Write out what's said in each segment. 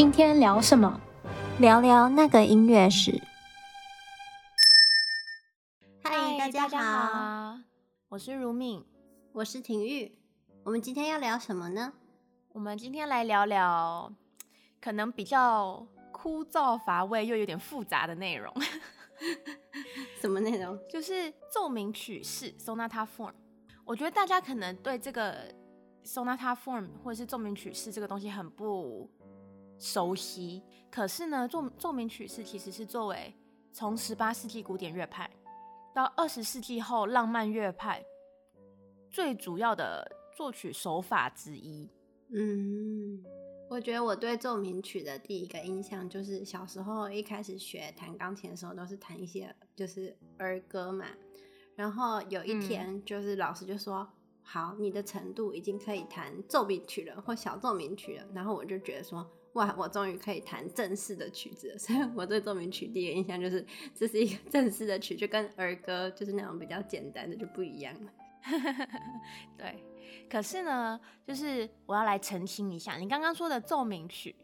今天聊什麼？聊聊那個音樂史。嗨，大家好，我是如命，我是廷玉。我們今天要聊什麼呢？我們今天來聊聊，可能比較枯燥乏味又有點複雜的內容。 什麼內容？就是奏鳴曲式 （Sonata Form）。我覺得大家可能對這個 Sonata Form 或者是奏鳴曲式這個東西很不。熟悉，可是呢，奏奏鳴曲是其實是作為從十八世紀古典樂派到二十世紀後浪漫樂派最主要的作曲手法之一。嗯，我覺得我對奏鳴曲的第一個印象就是小時候一開始學彈鋼琴的時候，都是彈一些就是兒歌嘛。然後有一天，就是老師就說：“嗯、好，你的程度已經可以彈奏鳴曲了，或小奏鳴曲了。”然後我就覺得說。哇！我終於可以彈正式的曲子，所以我對奏鳴曲第一印象就是，這是一個正式的曲，就跟兒歌就是那種比較簡單的就不一樣了。 對，可是呢，就是我要來澄清一下，你剛剛說的奏鳴曲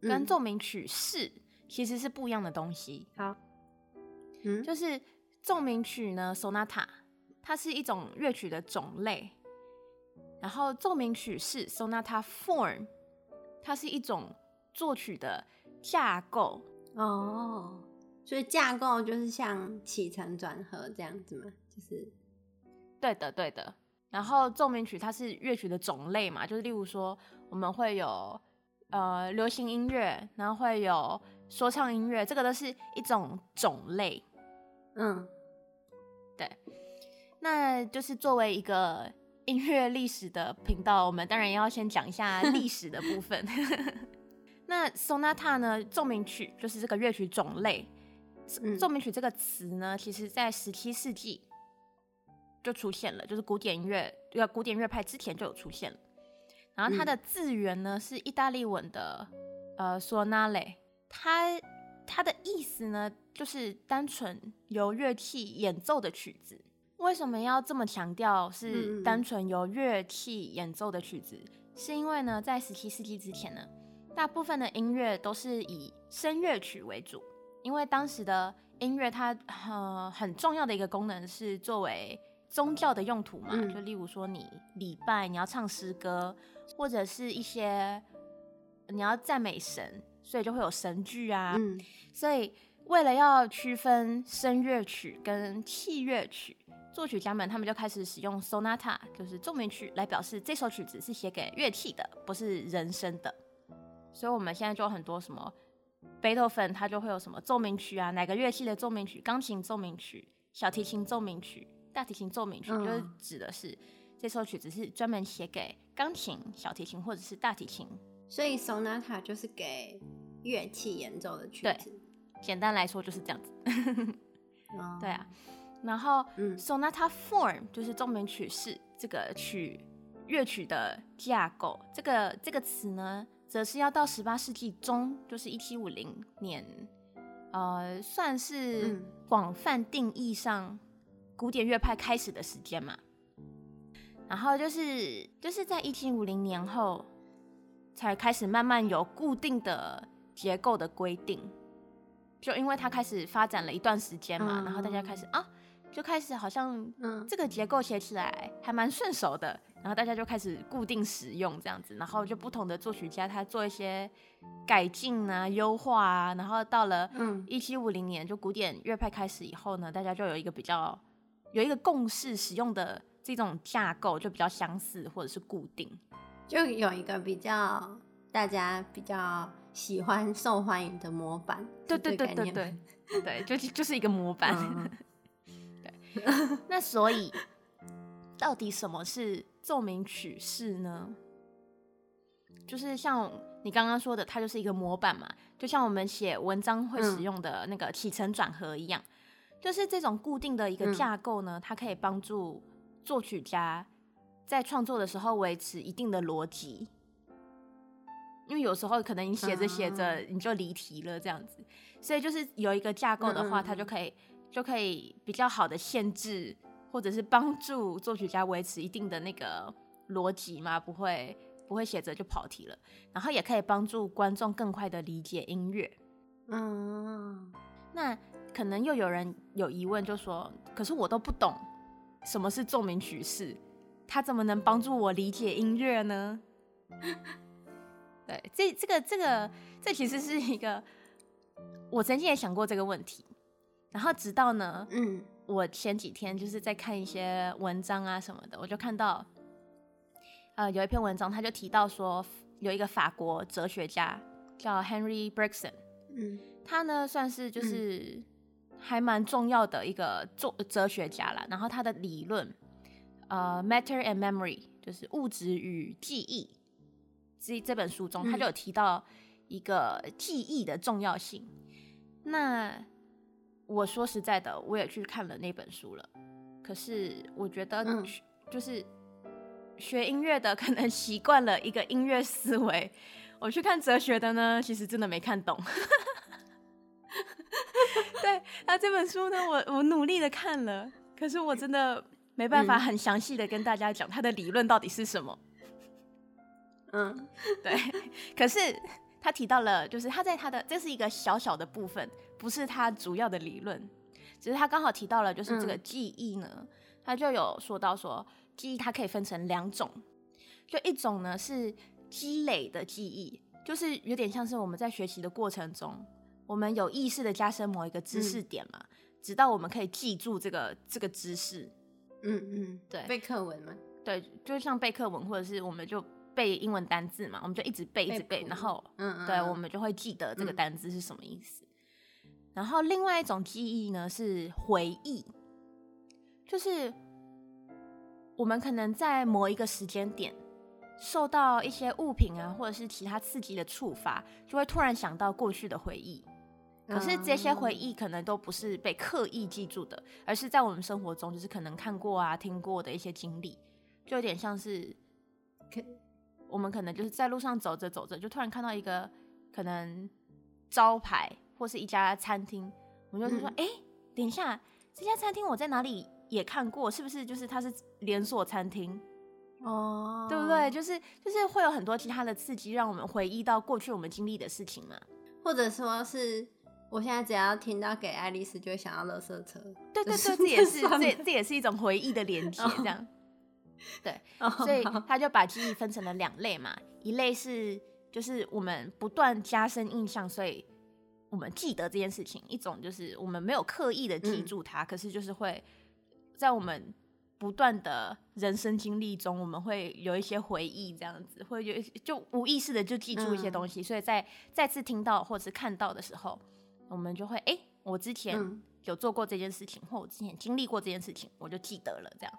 跟奏鳴曲式、嗯、其實是不一樣的東西。好，嗯，就是奏鳴曲呢，Sonata，它是一種樂曲的種類，然後奏鳴曲式 Sonata Form。它是一種作曲的架構哦，oh, 所以架構就是像起承轉合這樣子嘛，就是對的，對的。然後奏鳴曲它是樂曲的種類嘛，就是例如說我們會有呃流行音樂，然後會有說唱音樂，這個都是一種種類。嗯，對，那就是作為一個。音樂歷史的頻道，我們當然要先講一下歷史的部分。 那 Sonata 呢？奏鳴曲就是這個樂曲種類。奏鳴、嗯、曲這個詞呢，其實在十七世紀就出現了，就是古典音樂呃古典樂派之前就有出現了。然後它的字源呢、嗯、是意大利文的呃 Sonale，它它的意思呢就是單純由樂器演奏的曲子。為什麼要這麼強調是單純由樂器演奏的曲子？嗯、是因為呢，在十七世紀之前呢，大部分的音樂都是以聲樂曲為主，因為當時的音樂它呃很重要的一個功能是作為宗教的用途嘛，嗯、就例如說你禮拜你要唱詩歌，或者是一些你要讚美神，所以就會有神劇啊。嗯、所以為了要區分聲樂曲跟器樂曲。作曲家們，他們就開始使用 sonata，就是奏鳴曲，來表示這首曲子是寫給樂器的，不是人聲的。所以我們現在就有很多什麼貝多芬，他就會有什麼奏鳴曲啊，哪個樂器的奏鳴曲，鋼琴奏鳴曲、小提琴奏鳴曲、大提琴奏鳴曲，嗯、就是指的是這首曲子是專門寫給鋼琴、小提琴或者是大提琴。所以 sonata 就是給樂器演奏的曲子。對，簡單來說就是這樣子。 嗯、對啊。然後，sonata form、嗯、就是奏鳴曲式，這個曲、樂曲的架構，這個這個詞呢，則是要到十八世紀中，就是一七五零年，呃，算是廣泛定義上古典樂派開始的時間嘛。然後就是就是在一七五零年後，才開始慢慢有固定的結構的規定，就因為它開始發展了一段時間嘛，然後大家開始、嗯、啊。就開始好像，嗯，這個結構寫起來還蠻順手的，嗯、然後大家就開始固定使用這樣子，然後就不同的作曲家他做一些改進啊、優化啊，然後到了，嗯，一七五零年就古典樂派開始以後呢，大家就有一個比較有一個共識使用的這種架構就比較相似或者是固定，就有一個比較大家比較喜歡受歡迎的模板。對對，對對對對對， 對，就就是一個模板。嗯 那所以，到底什麼是奏鳴曲式呢？就是像你剛剛說的，它就是一個模板嘛，就像我們寫文章會使用的那個起承轉合一樣，嗯、就是這種固定的一個架構呢，它可以幫助作曲家在創作的時候維持一定的邏輯，因為有時候可能你寫着寫着你就離題了，這樣子，嗯、所以就是有一個架構的話，它就可以。就可以比較好的限制，或者是幫助作曲家維持一定的那個邏輯嘛，不會不會寫着就跑題了，然後也可以幫助觀眾更快的理解音樂。嗯，那可能又有人有疑問，就說：“可是我都不懂什麼是奏鳴曲式，它怎麼能幫助我理解音樂呢？” 對，這這個這個這其實是一個，我曾經也想過這個問題。然後直到呢，嗯，我前幾天就是在看一些文章啊什麼的，我就看到，呃，有一篇文章，他就提到說，有一個法國哲學家叫 Henry b r i x e n 嗯，他呢算是就是還蠻重要的一個作哲學家啦，然後他的理論，呃，《Matter and Memory》就是物質與記憶這這本書中，他就有提到一個記憶的重要性。嗯、那我說實在的，我也去看了那本書了，可是我覺得，嗯、就是學音樂的可能習慣了一個音樂思維，我去看哲學的呢，其實真的沒看懂。 對，那這本書呢，我我努力的看了，可是我真的沒辦法很詳細的跟大家講他的理論到底是什麼。嗯，對，可是他提到了，就是他在他的這是一個小小的部分。不是他主要的理論，只是他剛好提到了，就是這個記憶呢，嗯、他就有說到說記憶它可以分成兩種，就一種呢是積累的記憶，就是有點像是我們在學習的過程中，我們有意識的加深某一個知識點嘛，嗯、直到我們可以記住這個這個知識。嗯嗯，嗯對，背課文嘛。對，就像背課文或者是我們就背英文單字嘛，我們就一直背一直背，背苦然後嗯嗯，對我們就會記得這個單字是什麼意思。嗯然後，另外一種記憶呢是回憶，就是我們可能在某一個時間點受到一些物品啊，或者是其他刺激的觸發，就會突然想到過去的回憶。可是這些回憶可能都不是被刻意記住的，而是在我們生活中，就是可能看過啊、聽過的一些經歷，就有點像是可我們可能就是在路上走着走着，就突然看到一個可能招牌。或是一家餐廳，我就，就是說，哎、嗯、欸，等一下，這家餐廳我在哪裡也看過，是不是？就是它是連鎖餐廳，哦，對不對？就是就是會有很多其他的刺激，讓我們回憶到過去我們經歷的事情嘛。或者說是，我現在只要聽到給愛麗絲，就會想要垃圾車。對對對，這，這也是這這也是一種回憶的連接，這樣。哦、對，哦、所以他就把記憶分成了兩類嘛，哦、一類是就是我們不斷加深印象，所以，我們記得這件事情，一種就是我們沒有刻意的記住它，嗯、可是就是會在我們不斷的人生經歷中，我們會有一些回憶，這樣子，會有就無意識的就記住一些東西，嗯、所以在再次聽到或是看到的時候，我們就會哎、欸，我之前有做過這件事情，嗯、或我之前經歷過這件事情，我就記得了這樣。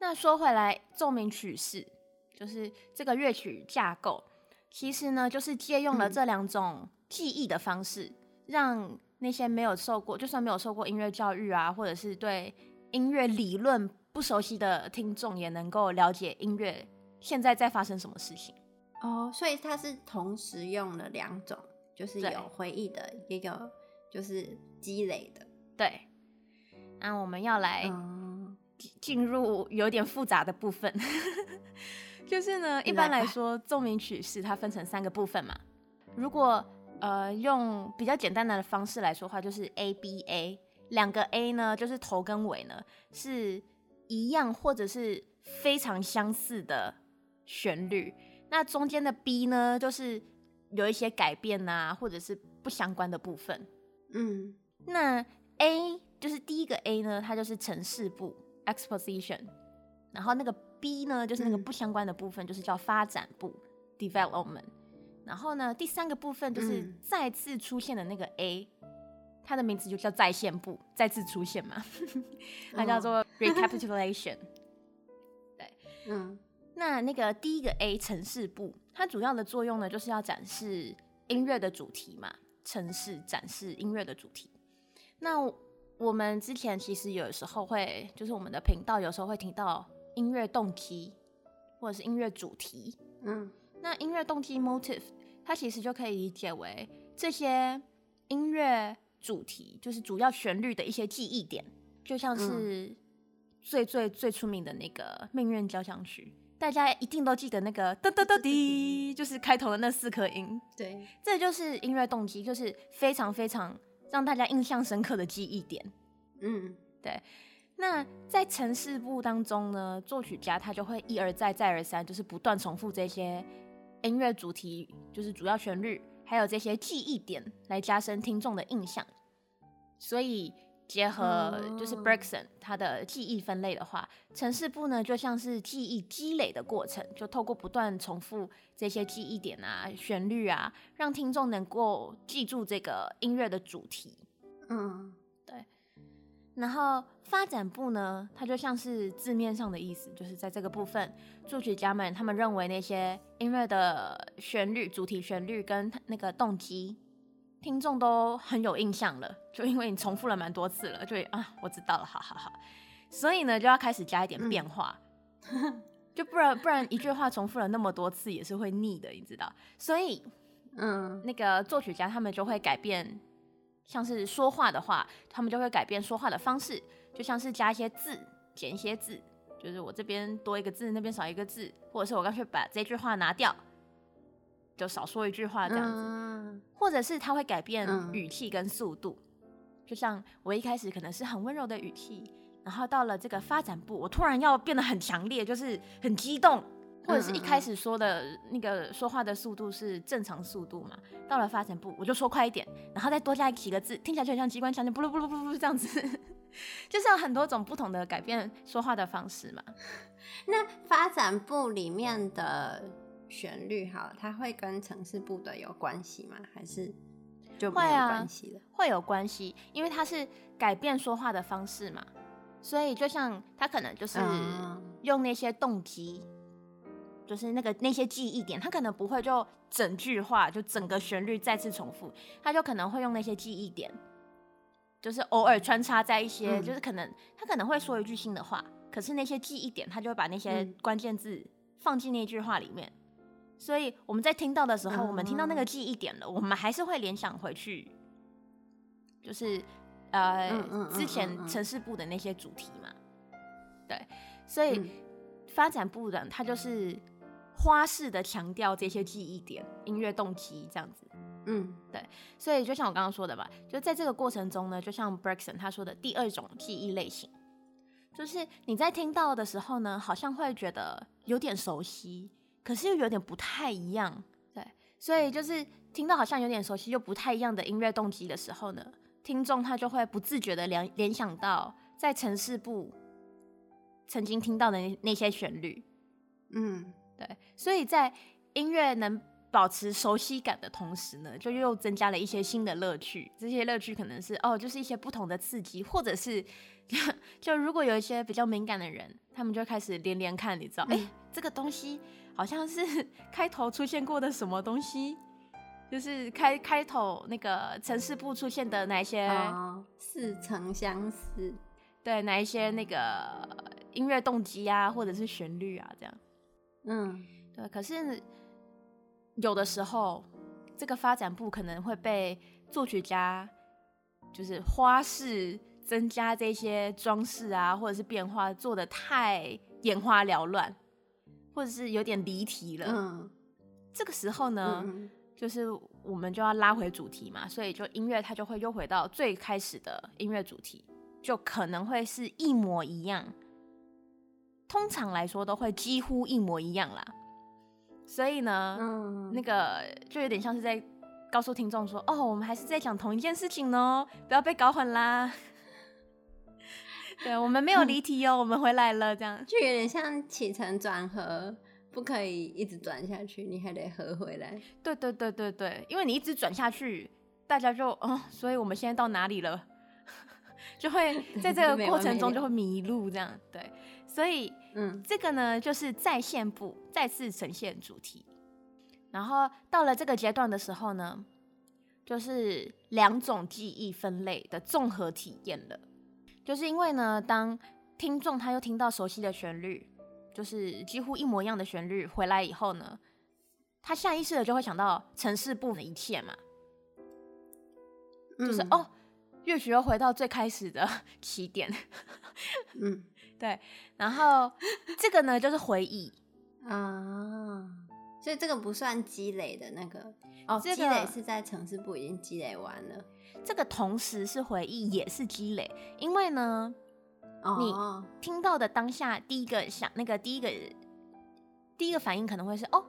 那說回來，奏鳴曲式就是這個樂曲架構，其實呢，就是借用了這兩種記憶的方式。嗯讓那些沒有受過，就算沒有受過音樂教育啊，或者是對音樂理論不熟悉的聽眾，也能夠了解音樂現在在發生什麼事情。哦，oh, 所以它是同時用了兩種，就是有回憶的，對也有就是積累的。對，那我們要來進入有點複雜的部分， 就是呢，一般來說奏鳴曲式它分成三個部分嘛，如果。呃，用比較簡單的方式來說話，就是 ABA 兩個 A 呢，就是頭跟尾呢是一樣或者是非常相似的旋律。那中間的 B 呢，就是有一些改變啊，或者是不相關的部分。嗯，那 A 就是第一個 A 呢，它就是呈示部 （exposition），然後那個 B 呢，就是那個不相關的部分，嗯、就是叫發展部 （development）。然後呢，第三個部分就是再次出現的那個 A，、嗯、它的名字就叫再現部，再次出現嘛， 它叫做 recapitulation。嗯、對，嗯，那那個第一個 A 呈示部，它主要的作用呢，就是要展示音樂的主題嘛，呈示展示音樂的主題。那我們之前其實有時候會，就是我們的頻道有時候會提到音樂動機或者是音樂主題，嗯。那音樂動機 （motive） 它其實就可以理解為這些音樂主題，就是主要旋律的一些記憶點，就像是最最最出名的那個《命運交響曲》，大家一定都記得那個噔噔噔滴，就是開頭的那四顆音。對，這就是音樂動機，就是非常非常讓大家印象深刻的記憶點。嗯，對。那在呈示部當中呢，作曲家他就會一而再、再而三，就是不斷重複這些。音樂主題就是主要旋律，還有這些記憶點來加深聽眾的印象。所以結合就是 Bergson 他的記憶分類的話，呈示部呢，就像是記憶積累的過程，就透過不斷重複這些記憶點啊、旋律啊，讓聽眾能夠記住這個音樂的主題。嗯。然後發展部呢，它就像是字面上的意思，就是在這個部分，作曲家們他們認為那些音樂的旋律、主題旋律跟那個動機，聽眾都很有印象了，就因為你重複了蠻多次了，就啊，我知道了，好好好，所以呢，就要開始加一點變化，嗯、 就不然不然一句話重複了那麼多次也是會膩的，你知道，所以嗯，那個作曲家他們就會改變。像是說話的話，他們就會改變說話的方式，就像是加一些字、減一些字，就是我這邊多一個字，那邊少一個字，或者是我乾脆把這句話拿掉，就少說一句話這樣子。嗯。或者是他會改變語氣跟速度，就像我一開始可能是很溫柔的語氣，然後到了這個發展部，我突然要變得很強烈，就是很激動。或者是一開始說的那個說話的速度是正常速度嘛？嗯、到了發展部我就說快一點，然後再多加幾個字，聽起來就很像機關槍，就布魯布魯布魯這樣子， 就是有很多種不同的改變說話的方式嘛。那發展部裡面的旋律哈，它會跟呈示部的有關係嗎？還是就沒有關係了？會啊、會有關係，因為它是改變說話的方式嘛，所以就像他可能就是用那些動機。嗯就是那個那些記憶點，他可能不會就整句話就整個旋律再次重複，他就可能會用那些記憶點，就是偶爾穿插在一些，嗯、就是可能他可能會說一句新的話，可是那些記憶點，他就會把那些關鍵字放進那句話裡面，嗯、所以我們在聽到的時候，嗯、我們聽到那個記憶點了，我們還是會聯想回去，就是呃、嗯嗯嗯、之前呈示部的那些主題嘛，對，所以、嗯、發展部的他就是。花式的強調這些記憶點、音樂動機，這樣子，嗯，對。所以就像我剛剛說的吧，就在這個過程中呢，就像 Brexon 他說的，第二種記憶類型，就是你在聽到的時候呢，好像會覺得有點熟悉，可是又有點不太一樣，對。所以就是聽到好像有點熟悉又不太一樣的音樂動機的時候呢，聽眾他就會不自覺的聯聯想到在呈示部曾經聽到的那那些旋律，嗯。所以在音樂能保持熟悉感的同時呢，就又增加了一些新的樂趣。這些樂趣可能是哦，就是一些不同的刺激，或者是就，就如果有一些比較敏感的人，他們就開始連連看，你知道？哎、欸，這個東西好像是開頭出現過的什麼東西，就是開開頭那個呈示部出現的那一些、哦、似曾相識？對，那一些那個音樂動機啊，或者是旋律啊，這樣，嗯。對，可是有的時候，這個發展部可能會被作曲家就是花式增加這些裝飾啊，或者是變化做得太眼花繚亂，或者是有點離題了。嗯。這個時候呢，嗯嗯，就是我們就要拉回主題嘛，所以就音樂它就會又回到最開始的音樂主題，就可能會是一模一樣。通常來說，都會幾乎一模一樣啦。所以呢，嗯，嗯，那個就有點像是在告訴聽眾說，哦，我們還是在講同一件事情哦，不要被搞混啦。 對，我們沒有離題哦，嗯、我們回來了，這樣就有點像起承轉合，不可以一直轉下去，你還得合回來。對對對對對，因為你一直轉下去，大家就哦、嗯，所以我們現在到哪裡了？ 就會在這個過程中就會迷路，這樣。對，所以。嗯，這個呢，就是再現部再次呈現主題，然後到了這個階段的時候呢，就是兩種記憶分類的綜合體驗了。就是因為呢，當聽眾他又聽到熟悉的旋律，就是幾乎一模一樣的旋律回來以後呢，他下意識的就會想到呈示部的一切嘛，嗯、就是哦，樂曲又回到最開始的起點， 嗯。對，然後這個呢，就是回憶啊， uh, 所以這個不算積累的那個哦，oh, 積累是在呈示部已經積累完了。這個同時是回憶，也是積累，因為呢，oh. 你聽到的當下第一個想那個第一個第一個反應，可能會是哦，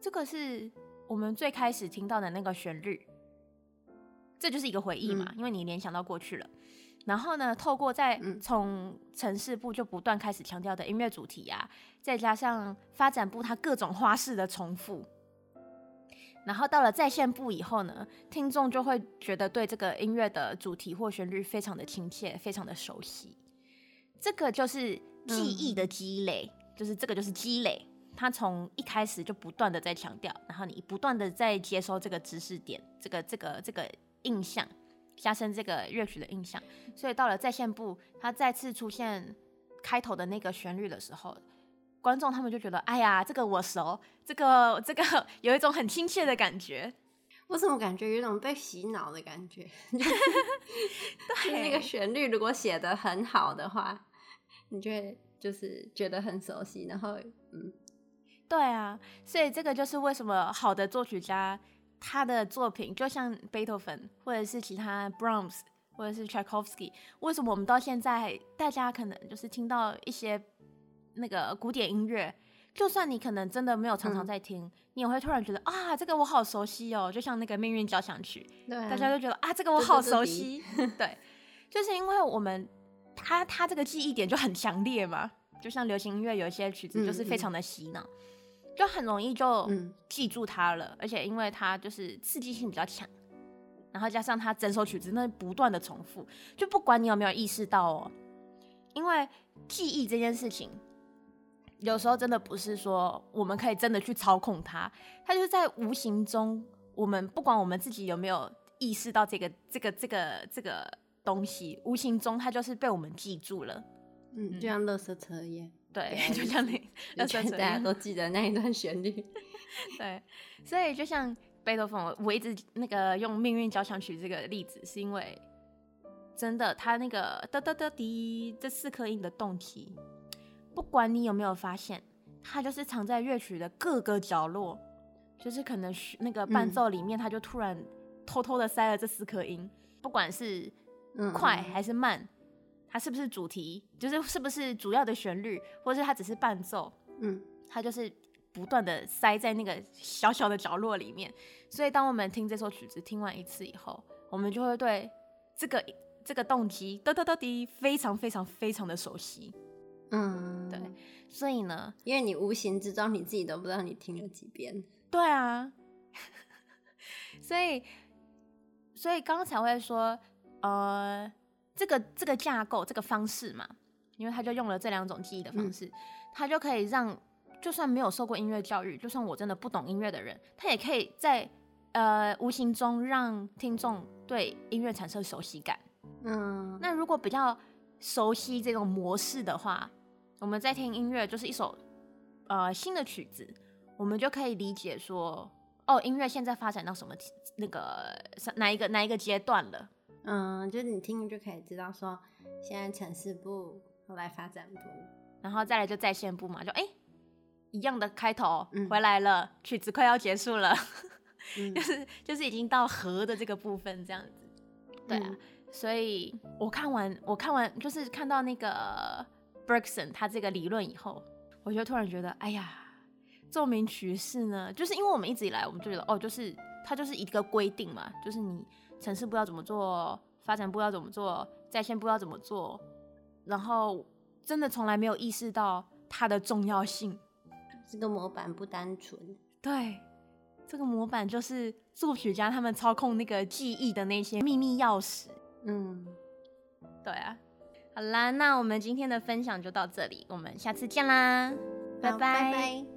這個是我們最開始聽到的那個旋律，這就是一個回憶嘛，嗯、因為你聯想到過去了。然後呢，透過在從呈示部就不斷開始強調的音樂主題啊，再加上發展部它各種花式的重複，然後到了再現部以後呢，聽眾就會覺得對這個音樂的主題或旋律非常的親切，非常的熟悉。這個就是記憶的積累，嗯、就是這個就是積累。他從一開始就不斷的在強調，然後你不斷的在接收這個知識點，這個這個這個印象。加深這個樂曲的印象，所以到了再現部，它再次出現開頭的那個旋律的時候，觀眾他們就覺得，哎呀，這個我熟，這個這個有一種很親切的感覺。我怎麼感覺有一種被洗腦的感覺？ 對， 那個旋律如果寫的很好的話，你就會就是覺得很熟悉，然後嗯，對啊，所以這個就是為什麼好的作曲家，他的作品就像 Beethoven 或者是其他 Brahms，或者是 Tchaikovsky，為什麼我們到現在大家可能就是聽到一些那個古典音樂，就算你可能真的沒有常常在聽，嗯、你也會突然覺得啊，這個我好熟悉哦，就像那個《命運交響曲》，對啊，大家都覺得啊，這個我好熟悉，對， 對，就是因為我們他他這個記憶點就很強烈嘛，就像流行音樂有一些曲子就是非常的洗腦。嗯嗯。就很容易就記住它了，嗯、而且因為它就是刺激性比較強，然後加上它整首曲子那不斷的重複，就不管你有沒有意識到哦，、喔，因為記憶這件事情，有時候真的不是說我們可以真的去操控它，它就是在無形中，我們不管我們自己有沒有意識到這個這個這個這個東西，無形中它就是被我們記住了，嗯，嗯就像垃圾車一樣。對， 就像那，我覺得大家都記得那一段旋律。 對，所以就像貝多芬，我一直那個用《命運交響曲》這個例子，是因為真的，他那個得得得滴這四顆音的動機，不管你有沒有發現，他就是藏在樂曲的各個角落，就是可能那個伴奏裡面，他、嗯、就突然偷偷的塞了這四顆音，不管是快還是慢。嗯它是不是主題？就是是不是主要的旋律，或是它只是伴奏？嗯，它就是不斷的塞在那個小小的角落裡面。所以當我們聽這首曲子聽完一次以後，我們就會對這個這個動機哆哆哆非常非常非常的熟悉。嗯，對。所以呢，因為你無形之中你自己都不知道你聽了幾遍。對啊。 所以，所以剛才會說，呃。這個這個架構，這個方式嘛，因為他就用了這兩種記憶的方式，他、嗯、就可以讓就算沒有受過音樂教育，就算我真的不懂音樂的人，他也可以在呃無形中讓聽眾對音樂產生熟悉感。嗯，那如果比較熟悉這種模式的話，我們在聽音樂就是一首呃新的曲子，我們就可以理解說，哦，音樂現在發展到什麼那個哪一個哪一個階段了。嗯，就是你聽就可以知道說，現在呈示部，後來發展部，然後再來就再現部嘛，就、哎、欸、一樣的開頭、嗯、回來了，曲子快要結束了， 就是、嗯、就是已經到和的這個部分這樣子。對啊，嗯、所以我看完我看完就是看到那個 Bergson 他這個理論以後，我就突然覺得，哎呀，奏鳴曲式呢，就是因為我們一直以來我們就覺得哦，就是。它就是一個規定嘛，就是你呈示部要怎麼做，發展部要怎麼做，再現部要怎麼做，然後真的從來沒有意識到它的重要性。這個模板不單純。對，這個模板就是作曲家他們操控那個記憶的那些秘密鑰匙。嗯，對啊。好啦，那我們今天的分享就到這裡，我們下次見啦，好拜拜。